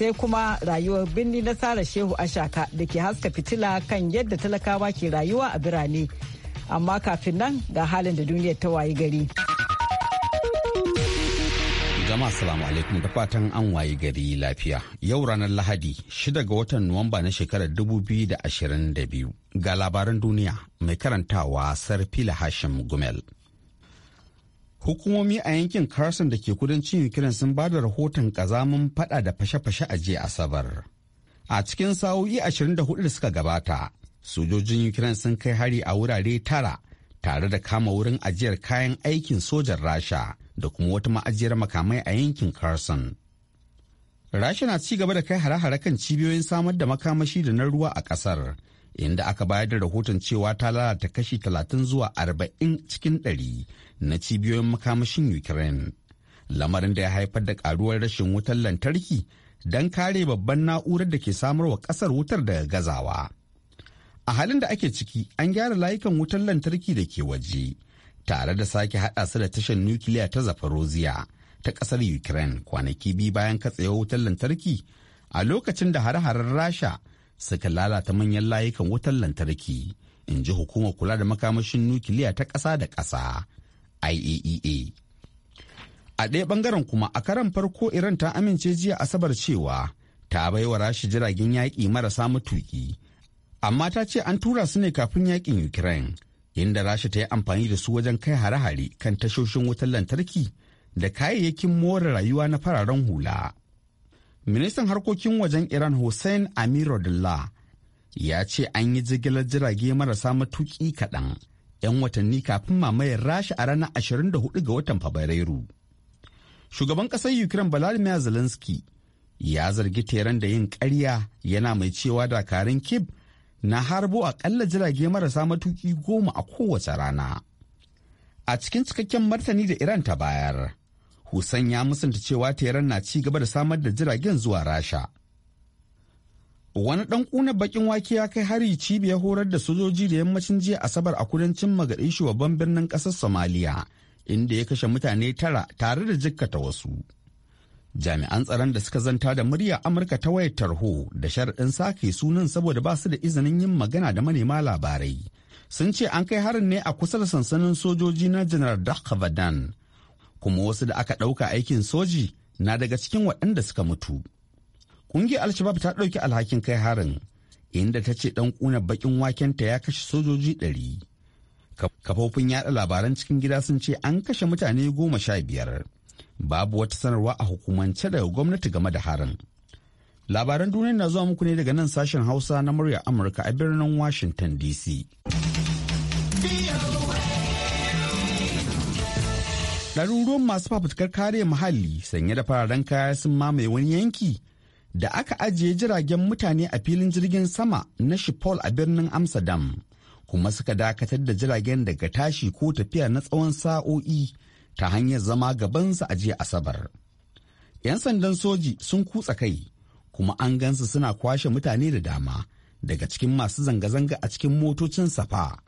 sai kuma rayuwar birni na Sara Shehu Ashaka da ke haska fitila kan yadda talakawa ke rayuwa a birane. Amma kafin nan ga halin da duniyar ta wayi gari. Gama salamu alaikum da fatan an wayi gari lafiya. Yau ranar Lahadi, shida ga watan Nuwamba na shekarar 2022 ga labaran duniya mai karantawa Sarfila Hashim Gumel. hukumomi a yankin carson da ke kudancin ukraine sun ba da rahoton kazamin fada da fashe-fashe a jiya asabar a cikin sa'o'i 24 da suka gabata sojojin ukraine sun kai hari a wurare tara tare da kama wurin ajiyar kayan aikin sojan rasha da kuma wata ma'ajiyar makamai a yankin carson rasha na ci gaba da kai hare-hare kan cibiyoyin samar da makamashi da na ruwa a ƙasar. inda aka bayar da rahoton cewa ta lalata kashi 30 zuwa 40 cikin 100 na cibiyoyin makamashin ukraine lamarin da ya haifar da karuwar rashin wutar lantarki don kare babban na'urar da ke samar wa kasar wutar daga gazawa a halin da ake ciki an gyara layukan wutar lantarki da ke waje tare da sake haɗa su da tashar nukiliya ta zafarozia ta ƙasar ukraine kwanaki biyu bayan katsewar wutar lantarki a lokacin da hare-haren rasha suka lalata manyan layukan wutar lantarki in ji hukumar kula da makamashin nukiliya ta ƙasa da ƙasa iaea e a ɗaya ɓangaren kuma a karan farko iran ta amince jiya asabar cewa ta baiwa rashi jiragen yaƙi marasa matuƙi amma ta ce an tura su ne kafin yaƙin ukraine inda rashi ta yi amfani da su wajen kai hare-hare kan tashoshin wutar lantarki da kayayyakin more rayuwa na fararen hula ministan harkokin wajen iran hussein amiruddinla ya ce an yi jigilar jirage marasa matuki kaɗan 'yan watanni kafin mamayar rasha a ranar 24 ga watan fabrairu shugaban ƙasar ukraine vladimir zelensky ya zargi teran da yin ƙarya yana mai cewa dakarun kib na harbo aƙalla jirage marasa matuki goma a kowace rana a cikin cikakken martani da iran ta bayar Hussein ya musanta cewa teran na ci gaba da samar da jiragen zuwa Rasha. Wani ɗan ƙuna bakin wake ya kai hari cibiyar horar da sojoji da yammacin jiya Asabar a kudancin Magadishu babban birnin ƙasar Somaliya, inda ya kashe mutane tara tare da jikkata wasu. Jami'an tsaron da suka zanta da murya Amurka ta wayar tarho da sharaɗin sake sunan saboda ba su da izinin yin magana da manema labarai. Sun ce an kai harin ne a kusa da sansanin sojoji na Janar Dakhavadan kuma wasu da aka ɗauka aikin soji na daga cikin waɗanda suka mutu. Ƙungiyar Alshabab ta ɗauki alhakin kai harin inda ta ce ɗan ƙuna baƙin wakenta ya kashe sojoji ɗari. Kafofin yaɗa labaran cikin gida sun ce an kashe mutane goma sha biyar. Babu wata sanarwa a hukumance daga gwamnati game da harin. Labaran duniya na zuwa muku ne daga nan sashen Hausa na murya Amurka a birnin Washington DC. ɗaruruwan masu fafutukar kare muhalli sanye da fararen kaya sun mamaye wani yanki da aka ajiye jiragen mutane a filin jirgin sama na shipol a birnin amsterdam kuma suka dakatar da jiragen daga tashi ko tafiya na tsawon sa'o'i ta hanyar zama gabansa a jiya asabar 'yan sandan soji sun kutsa kai kuma an gansu suna kwashe mutane da dama daga cikin masu zanga-zanga a cikin motocin safa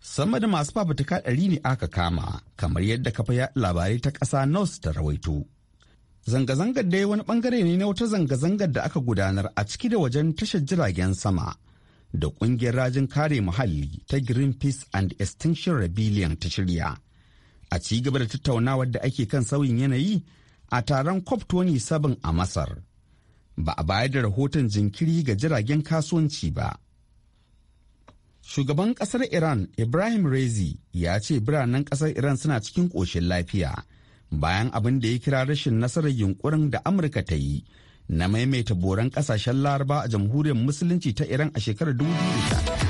sama da masu fafutuka ɗari ne aka kama kamar yadda kafa labarai ta ƙasa nos ta rawaito zanga-zangar dai wani ɓangare ne na wata zanga-zangar da aka gudanar a ciki da wajen tashar jiragen sama da ƙungiyar rajin kare muhalli ta greenpeace and extinction rebellion ta shirya a ci gaba da tattaunawar da ake kan sauyin yanayi a taron cop 27 a masar ba a bayar da rahoton jinkiri ga jiragen kasuwanci ba Shugaban ƙasar Iran Ibrahim Rezi ya ce biranen ƙasar Iran suna cikin ƙoshin lafiya bayan abin da ya kira rashin nasarar yunkurin da Amurka ta yi na maimaita boran ƙasashen Laraba a jamhuriyar Musulunci ta Iran a shekarar 2019.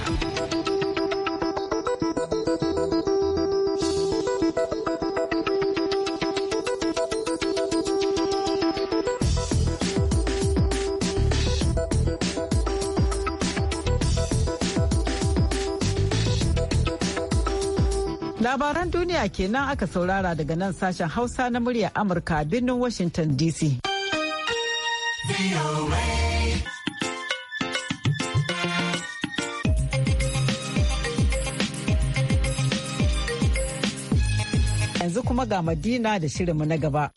duniya kenan aka saurara daga nan sashen Hausa na murya Amurka a birnin Washington DC. Yanzu kuma ga Madina da shirinmu na gaba.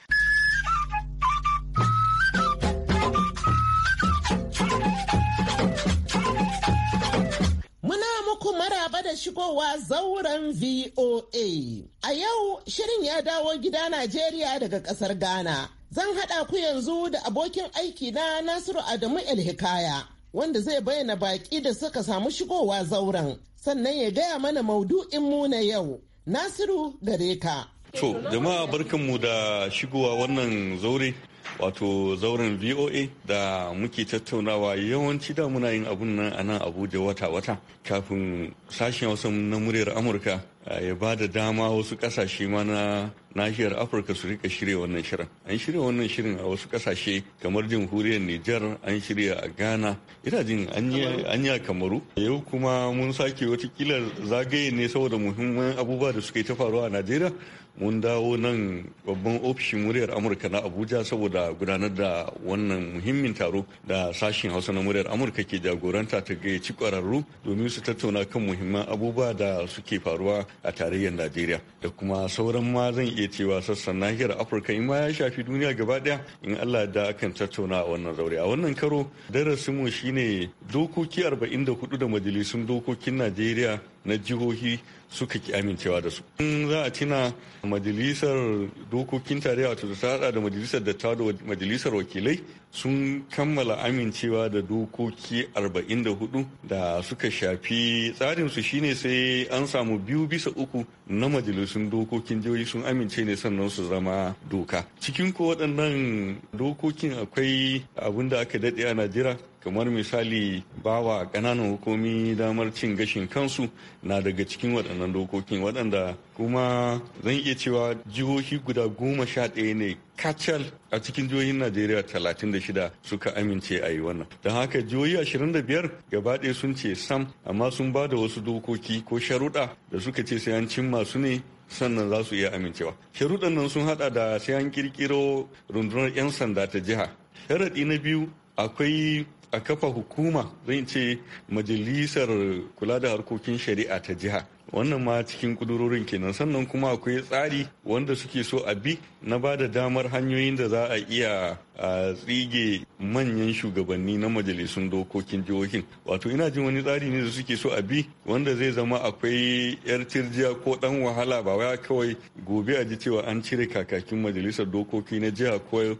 da shigowa zauren VOA. A yau shirin ya dawo gida Najeriya daga ƙasar Ghana. Zan haɗa ku yanzu da abokin aiki na Nasiru Adamu Elhikaya wanda zai bayyana baƙi da suka samu shigowa zauren. Sannan ya gaya mana maudu'in mu na yau. Nasiru gare ka. To, jama'a barkanmu da shigowa wannan zaure. wato zauren voa da muke tattaunawa yawanci da muna yin abun nan a nan abuja wata-wata kafin sashen wasu na muryar amurka ya ba da dama wasu kasashe ma na nahiyar afirka su rika shirya wannan shirin an shirya wannan shirin a wasu kasashe kamar jamhuriyar nijar an shirya a ghana ina jin anya kamaru yau kuma mun sake watakila zagaye ne saboda muhimman abubuwa da suka yi ta faruwa a najeriya mun dawo nan babban ofishin muryar amurka na abuja saboda gudanar da wannan muhimmin taro da sashen hausa na muryar amurka ke jagoranta ta gayyaci kwararru domin su tattauna kan muhimman abubuwa da suke faruwa a tarayyar najeriya da kuma sauran ma zan iya cewa sassan nahiyar afirka in ma ya shafi duniya gaba daya in allah da akan tattauna a wannan zaure a wannan karo darasinmu shine dokoki arba'in da majalisun dokokin najeriya na jihohi suka ki amincewa da su. In za a tuna majalisar dokokin tarayya wato da ta hada da majalisar da da majalisar wakilai sun kammala amincewa da dokoki 44 da suka shafi tsarinsu shine sai an samu biyu bisa uku na majalisun dokokin jihohi sun amince ne sannan su zama doka. Cikin ko waɗannan dokokin akwai abin da aka daɗe a Najeriya kamar misali bawa ƙananan hukumi damar cin gashin kansu na daga cikin waɗannan dokokin waɗanda kuma zan iya cewa jihohi guda goma sha ɗaya ne kacal a cikin jihohin najeriya shida suka amince a yi wannan don haka jihohi ashirin da gaba gabaɗe sun ce sam amma sun ba da wasu dokoki ko sharuɗa da suka ce sai an cimma su ne sannan za su iya amincewa sharuɗan nan sun haɗa da sai an ƙirƙiro rundunar 'yan sanda ta jiha sharaɗi na biyu akwai a kafa hukuma zan ce majalisar kula da harkokin shari'a ta jiha wannan ma cikin kudurorin kenan sannan kuma akwai tsari wanda suke so a bi na ba da damar hanyoyin da za a iya a tsige manyan shugabanni na majalisun dokokin jihohin wato ina jin wani tsari ne da suke so a bi wanda zai zama akwai yar tirjiya ko dan wahala ba wai kawai gobe a ji cewa an cire kakakin majalisar dokoki na jiha ko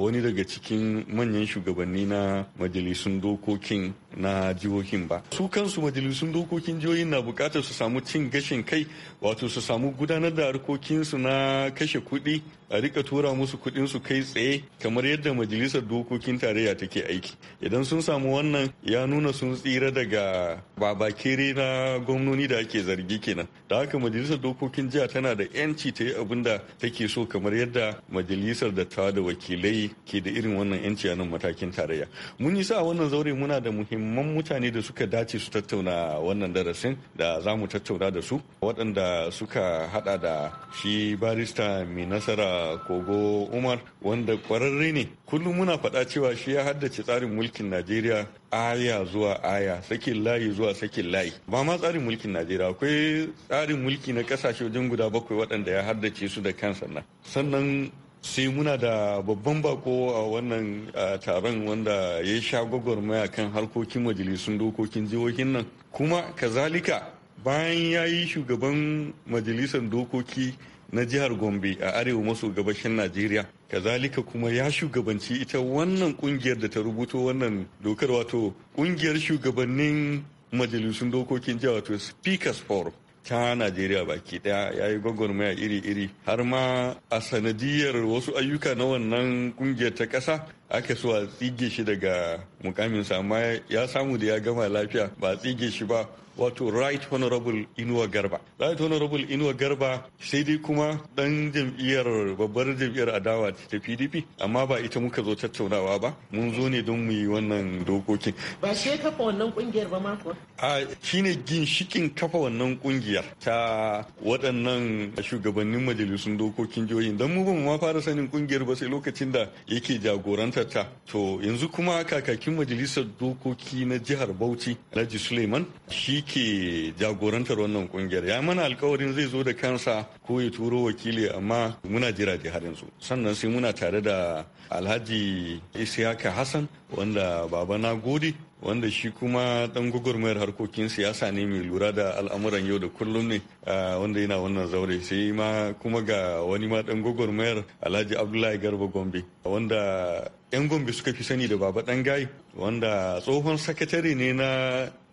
wani daga cikin manyan shugabanni na majalisun dokokin na jihohin ba su kansu majalisun dokokin jihohin na bukatar su samu cin gashin kai wato su samu gudanar da harkokinsu na kashe kuɗi a rika tura musu su kai tsaye kamar kamar yadda majalisar dokokin tarayya take aiki idan sun samu wannan ya nuna sun tsira daga babakere na gwamnoni da ake zargi kenan da haka majalisar dokokin jiha tana da yanci ta yi abin da take so kamar yadda majalisar da ta da wakilai ke da irin wannan yanci a nan matakin tarayya mun yi sa wannan zaure muna da muhimman mutane da suka dace su tattauna wannan darasin da za mu tattauna da su waɗanda suka hada da shi barista mai nasara kogo umar wanda kwararre ne kullum muna faɗa cewa shi ya haddace tsarin mulkin najeriya aya zuwa aya sakin layi zuwa sakin layi ba ma tsarin mulkin najeriya akwai tsarin mulki na kasashe wajen guda bakwai waɗanda ya haddace su da kansa nan sannan sai muna da babban bako a wannan taron wanda ya sha gwagwarmaya kan harkokin majalisun dokokin jihohin nan kuma kazalika bayan ya yi shugaban majalisar dokoki na jihar Gombe a arewa maso gabashin Najeriya. Kazalika kuma ya shugabanci ita wannan kungiyar da ta rubuto wannan dokar wato kungiyar shugabannin majalisun dokokin jiha wato Speakers Forum. ta Najeriya baki daya ya yi gwagwarmaya iri-iri har ma a sanadiyar wasu ayyuka na wannan kungiyar ta ƙasa aka so a tsige shi daga mukaminsa amma ya samu da ya gama lafiya ba a tsige shi ba wato right honorable inuwa garba right honorable inuwa garba sai dai kuma dan jam'iyyar babbar jam'iyyar adawa ta pdp amma ba ita muka zo tattaunawa ba mun zo ne don mu yi wannan dokokin ba shi kafa wannan kungiyar ba mako a shine ginshikin kafa wannan kungiyar ta waɗannan shugabannin majalisun dokokin jihohin dan mu ba mu ma fara sanin kungiyar ba sai lokacin da yake jagorantar ta to yanzu kuma kakakin majalisar dokoki na jihar Bauchi Alhaji Suleiman shi ke jagorantar wannan kungiyar ya mana alkawarin zai zo da kansa ko ya turo wakili amma muna jira da har yanzu sannan sai muna tare da alhaji ishaka hassan wanda babana na gode wanda shi kuma dan gwagwarmayar harkokin siyasa ne mai lura da al'amuran yau da kullum ne wanda yana wannan zaure sai ma kuma ga wani ma dan gwagwarmayar alhaji abdullahi garba gombe wanda yan gombe suka fi sani da baba dan gayi wanda tsohon sakatare ne na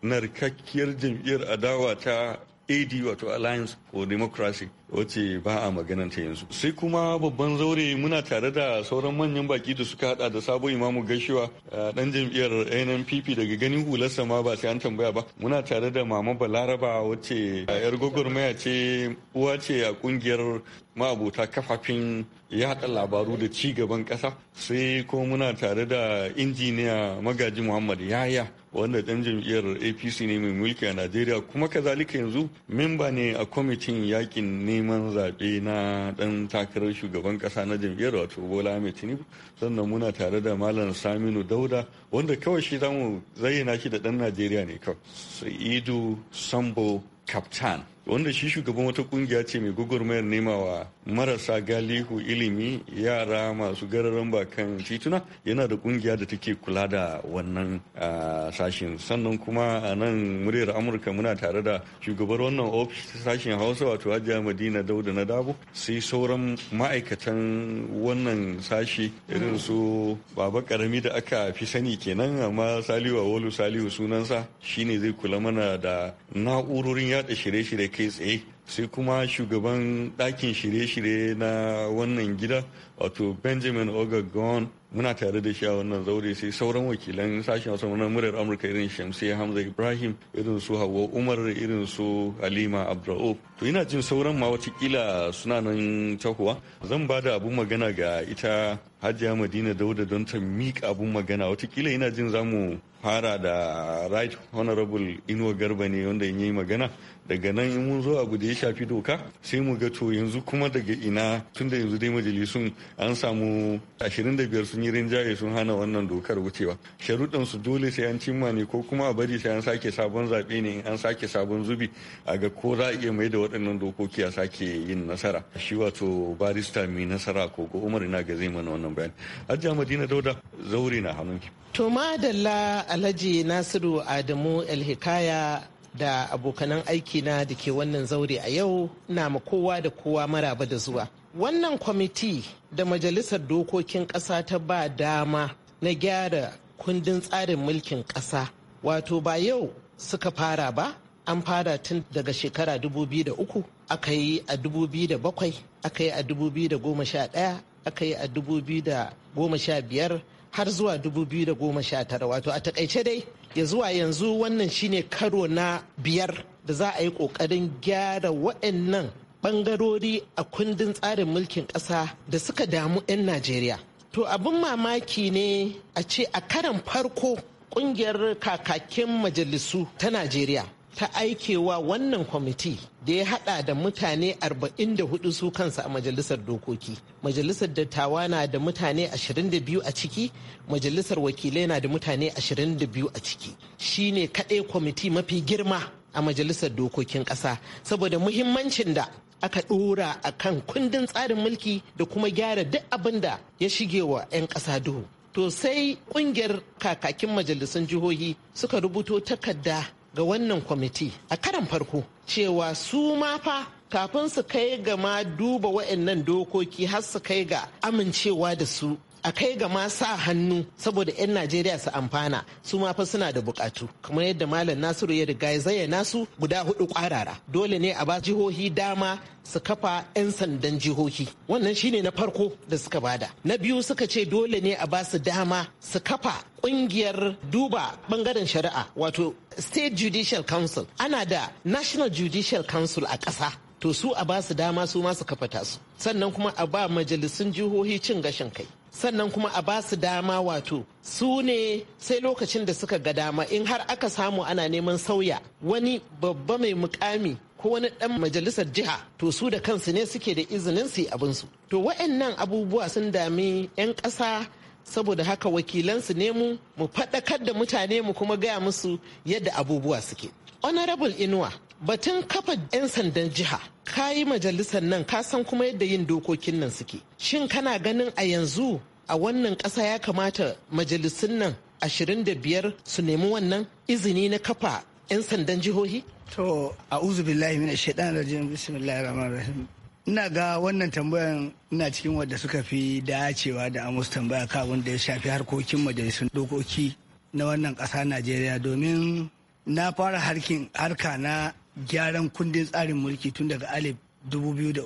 narkakkiyar jam'iyyar adawa ta ad wato alliance ko democracy wacce ba a ta yanzu sai kuma babban zaure muna tare da sauran manyan baki da suka hada da sabo imamu gashiwa eh, dan jam'iyyar nnpp daga ganin hular sama ba sai an tambaya ba muna tare da mama balaraba wacce eh, yar gwagwarmaya ce uwa ce a kungiyar ma'abota kafafin yaɗa labaru da ci gaban kasa sai ko muna tare da injiniya magaji muhammad yaya wanda dan jam'iyyar apc ne mai mulki a najeriya kuma kazalika yanzu memba ne a kwamiti. lokacin yakin neman zaɓe na ɗan takarar shugaban ƙasa na jam'iyyar wato bola mai tinubu sannan muna tare da malam saminu dauda wanda kawai shi zamu zayyana shi da ɗan najeriya ne kawai sa'idu sambo Kaptan. wanda shi shugaban wata kungiya ce mai gwagwarmayar nemawa marasa galihu ilimi yara masu gararan bakan tituna yana da kungiya da take kula da wannan sashen sannan kuma a nan muryar amurka muna tare da shugabar wannan ofis sashen hausa wato hajiya madina dauda na dabo sai sauran ma'aikatan wannan sashe irin su baba karami da aka fi sani kenan amma saliwa wolu salihu sunansa shine zai kula mana da na'urorin yada shirye-shirye kai tsaye sai kuma shugaban ɗakin shirye-shirye na wannan gida wato benjamin ogagon muna tare da shi a wannan zaure sai sauran wakilan sashen wasan wannan murar amurka irin shamsi hamza ibrahim irin su hawa umar irin su halima abdu'o to ina jin sauran ma watakila suna nan tahuwa zan ba da abun magana ga ita hajiya madina dauda don ta miƙa abun magana watakila ina jin za mu fara da right honorable inuwa garba ne wanda in yi magana daga nan in mun zo abu da ya shafi doka sai mu ga to yanzu kuma daga ina tun da yanzu dai majalisun an samu 25 sun yi rinjaye sun hana wannan dokar wucewa sharuɗan su dole sai an cimma ne ko kuma a bari sai an sake sabon zaɓe ne an sake sabon zubi a ga ko za a iya mai da waɗannan dokoki a sake yin nasara shi wato barista mai nasara ko ko umar ina ga zai mana wannan bayani hajja madina dauda zaure na hannunki to madalla alhaji nasiru adamu elhikaya da abokanan aikina da ke wannan zaure a yau na ma kowa da kowa maraba da zuwa. Wannan kwamiti da Majalisar Dokokin Ƙasa ta ba dama na gyara kundin tsarin mulkin ƙasa. Wato ba yau suka fara ba, an fara tun daga shekara 2003, aka yi a 2007, aka yi a 2011, aka yi a 2015 har zuwa 2019 wato a takaice dai ya zuwa yanzu wannan shine karo na biyar da za a yi ƙoƙarin gyara waɗannan ɓangarori a kundin tsarin mulkin ƙasa da suka damu 'yan Najeriya. To abin mamaki ne a ce a karan farko ƙungiyar kakakin majalisu ta Najeriya ta aikewa wannan kwamiti da ya hada da mutane 44 su kansa a majalisar dokoki majalisar dattawa na da mutane 22 a ciki majalisar wakilai na da mutane 22 a ciki shine kaɗai kwamiti mafi girma a majalisar dokokin ƙasa saboda muhimmancin da aka ɗora a kan kundin tsarin mulki da kuma gyara duk abin da ya shige wa 'yan ƙasa duhu to sai ƙungiyar kakakin majalisun jihohi suka rubuto takarda ga wannan kwamiti a karan farko cewa su ma fa kafin su kai ga ma duba wa'annan dokoki har su kai ga amincewa da su a kai ga ma sa hannu saboda 'yan najeriya su amfana su ma fa suna da bukatu kamar yadda malam nasiru ya riga ya zayyana su guda hudu kwarara dole ne a ba jihohi dama su kafa 'yan sandan jihohi wannan shine na farko da suka bada na biyu suka ce dole ne a ba su dama su kafa kungiyar duba bangaren shari'a wato state judicial council ana da national judicial council a ƙasa to su a ba su dama su ma su kafa tasu sannan kuma a ba majalisun jihohi cin gashin kai sannan kuma a ba su dama wato su ne sai lokacin da suka ga dama in har aka samu ana neman sauya wani babba mai mukami ko wani dan majalisar jiha to su da kansu ne suke da izinin su abinsu to wa'annan abubuwa sun dami 'yan ƙasa saboda haka wakilansu ne mu mu faɗakar da mutane mu kuma gaya musu yadda abubuwa suke honorable inuwa batun kafa 'yan sandan jiha ka yi majalisar nan ka san kuma yadda yin dokokin nan suke shin kana ganin a yanzu a wannan ƙasa ya kamata majalisun nan 25 su nemi wannan izini na kafa 'yan sandan jihohi to a billahi mina shaidan rajin bismillahir rahmanir rahim ina ga wannan tambayan ina cikin wadda suka fi dacewa da amus tambaya kawun da ya shafi harkokin majalisun dokoki na wannan ƙasa najeriya domin na fara harkin harka na gyaran kundin tsarin mulki tun daga alif 2003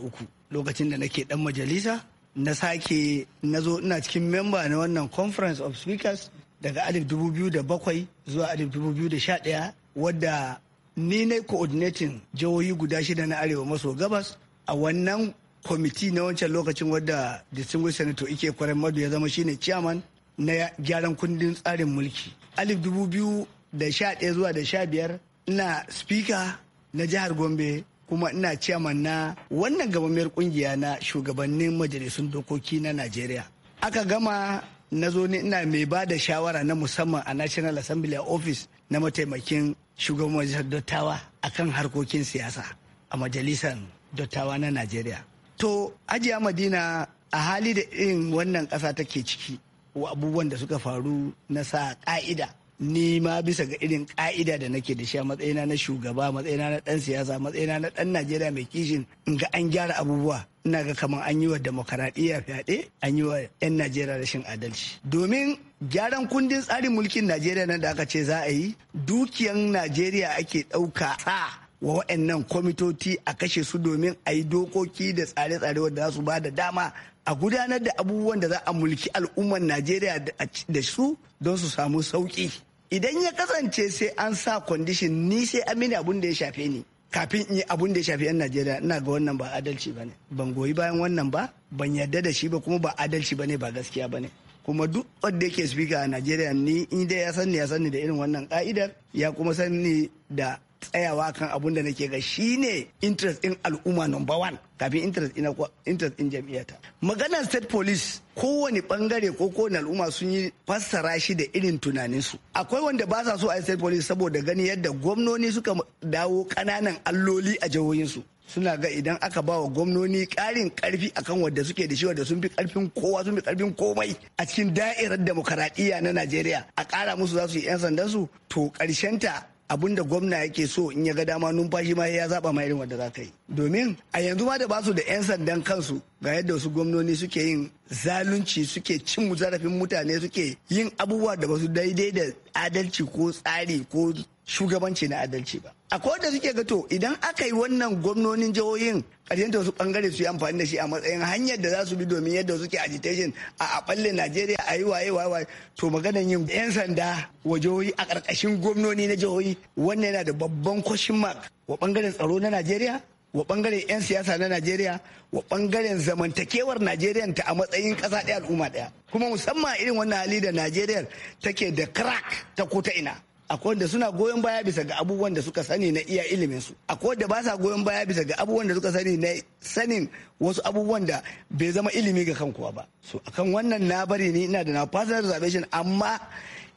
lokacin da nake dan majalisa na sake na zo ina cikin memba na wannan conference of speakers daga alif 2007 zuwa alif 2011 wadda ni na coordinating jihohi guda shida na arewa maso gabas a wannan kwamiti na wancan lokacin wadda distinguished senator ike kwarar madu ya zama shine chairman na gyaran kundin tsarin mulki alif 2011 zuwa da 15 ina speaker na jihar Gombe kuma ina ciyaman na wannan gabamiyar kungiya na shugabannin majalisun dokoki na Najeriya. Aka gama na zo ne ina mai ba da shawara na musamman a National Assembly Office na mataimakin shugaban majalisar dattawa akan harkokin siyasa a majalisar dattawa na Najeriya. To, ajiya Madina a hali da irin wannan ƙasa take ciki wa abubuwan da suka faru na sa ƙa'ida ni ma bisa ga irin ka'ida da nake da shi a matsayina na shugaba matsayina na dan siyasa matsayina na dan najeriya mai kishin in ga an gyara abubuwa ina ga kamar an yi wa demokaradiyya fyaɗe an yi wa 'yan najeriya rashin adalci domin gyaran kundin tsarin mulkin najeriya nan da aka ce za a yi dukiyan najeriya ake ɗauka sa wa waɗannan kwamitoti a kashe su domin a yi dokoki da tsare-tsare wadda za su ba da dama a gudanar da abubuwan da za a mulki al'ummar najeriya da su don su samu sauƙi idan ya kasance sai an sa kwandishin ni sai amini abun da ya shafe ni kafin in yi abun da ya shafe 'yan najeriya ina ga wannan ba adalci ba ne ban goyi bayan wannan ba ban yarda da shi ba kuma ba adalci ba ne ba gaskiya ba ne kuma duk wanda yake speaker a najeriya ni in dai ya sani ya sani da irin wannan ka'idar ya kuma sani da tsayawa kan abun da nake ga shine interest in al'umma number one kafin interest in interest in jam'iyyata maganar state police kowane bangare ko kowane al'umma sun yi fassara shi da irin tunaninsu akwai wanda ba sa so a state police saboda gani yadda gwamnoni suka dawo kananan alloli a jihohinsu suna ga idan aka ba wa gwamnoni karin karfi akan wadda suke da shi wadda sun fi karfin kowa sun fi karfin komai a cikin da'irar demokaradiyya na najeriya a kara musu za su yi 'yan sandansu to karshen ta. da gwamna yake so in ya ga dama numfashi ma ya zaba ma irin wanda za ka yi domin a yanzu ma da ba su da 'yan sandan kansu ga yadda wasu gwamnoni suke yin zalunci suke cin zarafin mutane suke yin abubuwa da ba su daidai da adalci ko tsari ko shugabanci na adalci ba a da suke to idan aka yi wannan gwamnonin jihohin ƙarshen su bangare su yi amfani da shi a matsayin hanyar da za su bi domin yadda suke agitation a aballe najeriya a yi waye waye to maganan yin yan sanda wa jihohi a ƙarƙashin gwamnoni na jihohi wannan yana da babban question mark wa bangaren tsaro na najeriya wa bangaren 'yan siyasa na najeriya wa bangaren zamantakewar najeriya ta a matsayin kasa ɗaya al'umma ɗaya kuma musamman irin wannan hali da najeriya take da crack ta ko ina akwai wanda suna goyon baya bisa ga abubuwan da suka sani na iya ilimin su akwai wanda ba sa goyon baya bisa ga abubuwan da suka sani na sanin wasu abubuwan da bai zama ilimi ga kan kuwa ba so akan wannan na bari ni ina da na personal reservation amma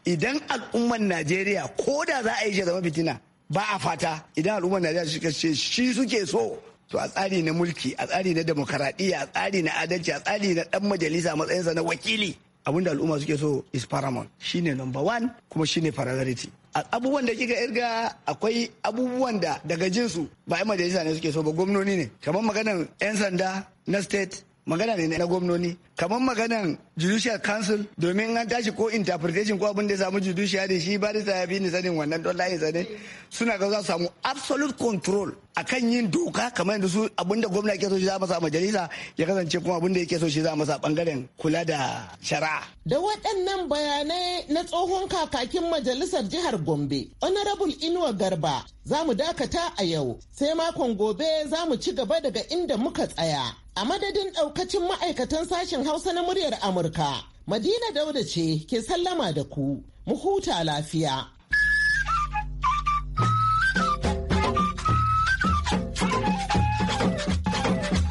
idan al'umman najeriya ko da za a yi shi zama fitina ba a fata idan al'ummar najeriya suka ce shi suke so to a tsari na mulki a tsari na demokaradiyya a tsari na adalci a tsari na dan majalisa matsayinsa na wakili abin al'umma suke so is paramount shine number one kuma shine priority abubuwan da kika irga akwai abubuwan da daga jinsu ba 'yan majalisa ne suke so ba gwamnoni ne kamar maganar 'yan sanda na state magana ne na gwamnoni kamar maganan judicial council domin an tashi ko interpretation ko abin da ya samu judicial da shi ba da tafi ni sanin wannan don layi sane suna ga za su samu absolute control akan yin doka kamar yadda su abin da gwamna ke so shi za masa majalisa ya kasance kuma abin da yake so shi za masa bangaren kula da shari'a da waɗannan bayanai na tsohon kakakin majalisar jihar Gombe honorable Inuwa Garba za mu dakata a yau sai makon gobe za mu ci gaba daga inda muka tsaya A madadin daukacin ma'aikatan sashen Hausa na muryar Amurka, Madina Dauda ce ke sallama da ku, mu huta lafiya.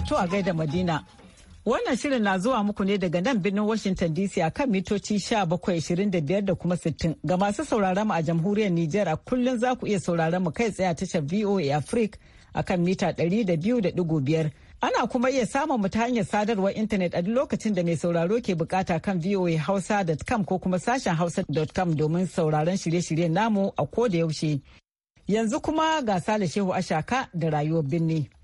To a gaida Madina. Wannan shirin na zuwa muku ne daga nan birnin Washington DC a kan mitoci 1725 da kuma 60. Ga masu sauraron mu a jamhuriyar Nijar a kullum za ku iya sauraron mu kai tsaye a tashar VOA Africa a kan mita 200.5. Ana kuma iya samun mu ta hanyar sadarwar intanet a duk lokacin da mai sauraro ke bukata kan voahausa.com ko kuma sashen hausa.com domin sauraron shirye-shiryen namu a ko da yaushe. Yanzu kuma ga Sale Shehu Ashaka da rayuwar birni.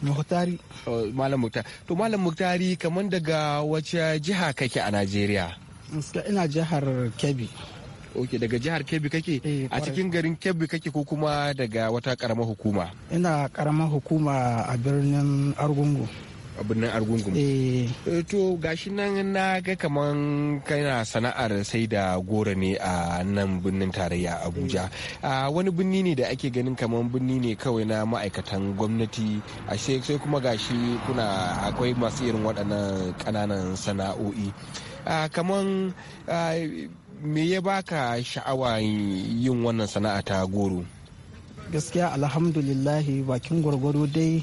Muktari. Oh, malam Muktari. to malam muktari kamar daga wace jiha kake a najeriya ina jihar kebbi ok daga jihar kebbi kake eh, a cikin garin kebbi kake ko kuma daga wata karamar hukuma ina karamar hukuma a birnin argungu a birnin argungun eh. Eh, to gashi nan na ga kaman kana sana'ar sai da goro ne a nan birnin tarayya abuja eh. a ah, wani birni ne da ake ganin kaman birni ne kawai na ma'aikatan gwamnati a sai kuma gashi kuna akwai masu irin waɗannan ƙananan sana'o'i a ah, kaman ah, me ya baka sha'awa yin wannan sana'a ta goro gaskiya alhamdulillahi bakin gwargwaro dai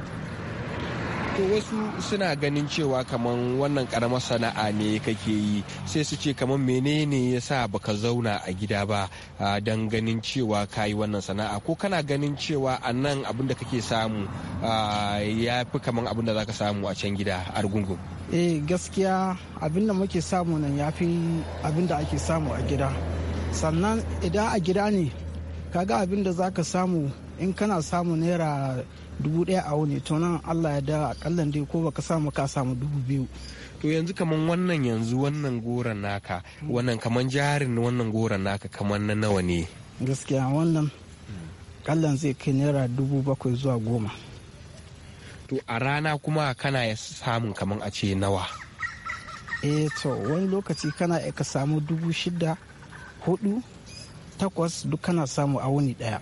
to wasu suna ganin cewa kamar wannan karamar sana'a ne kake yi sai su ce kamar menene ya sa baka zauna a gida ba don ganin cewa ka yi wannan sana'a ko kana ganin cewa a nan abin da kake samu ya fi kamar abin da zaka samu a can gida a rugungun eh gaskiya abin da muke samu nan ya fi abin da ake samu a gida sannan idan a gida ne kaga abin da zaka samu in kana samu naira dubu daya a wuni to nan allah ya da akalla dai ko baka samu ka samu dubu biyu to yanzu kaman wannan yanzu wannan goron naka wannan kaman jarin wannan goron naka kaman na nawa ne gaskiya wannan kallan zai kai naira dubu bakwai zuwa goma to a rana kuma kana ya samun kaman a ce nawa eh to wani lokaci kana ya ka samu dubu shida hudu takwas duk kana samu a wuni daya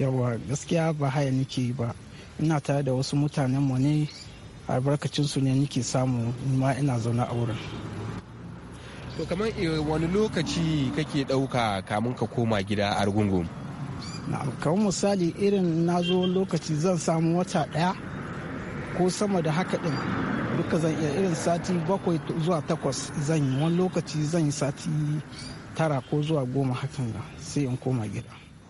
yawa gaskiya ba haya nike ba ina tare da wasu mutanen mu ne albarkacin su ne nike samu ma ina zaune a wurin to kamar eh, wani lokaci kake ɗauka kamun ka koma gida a rugungun kamar misali irin na zo lokaci zan samu wata ɗaya ko sama da haka ɗin duka zan iya irin sati bakwai zuwa takwas zan yi wani lokaci zan yi sati tara ko zuwa goma hakan sai in koma gida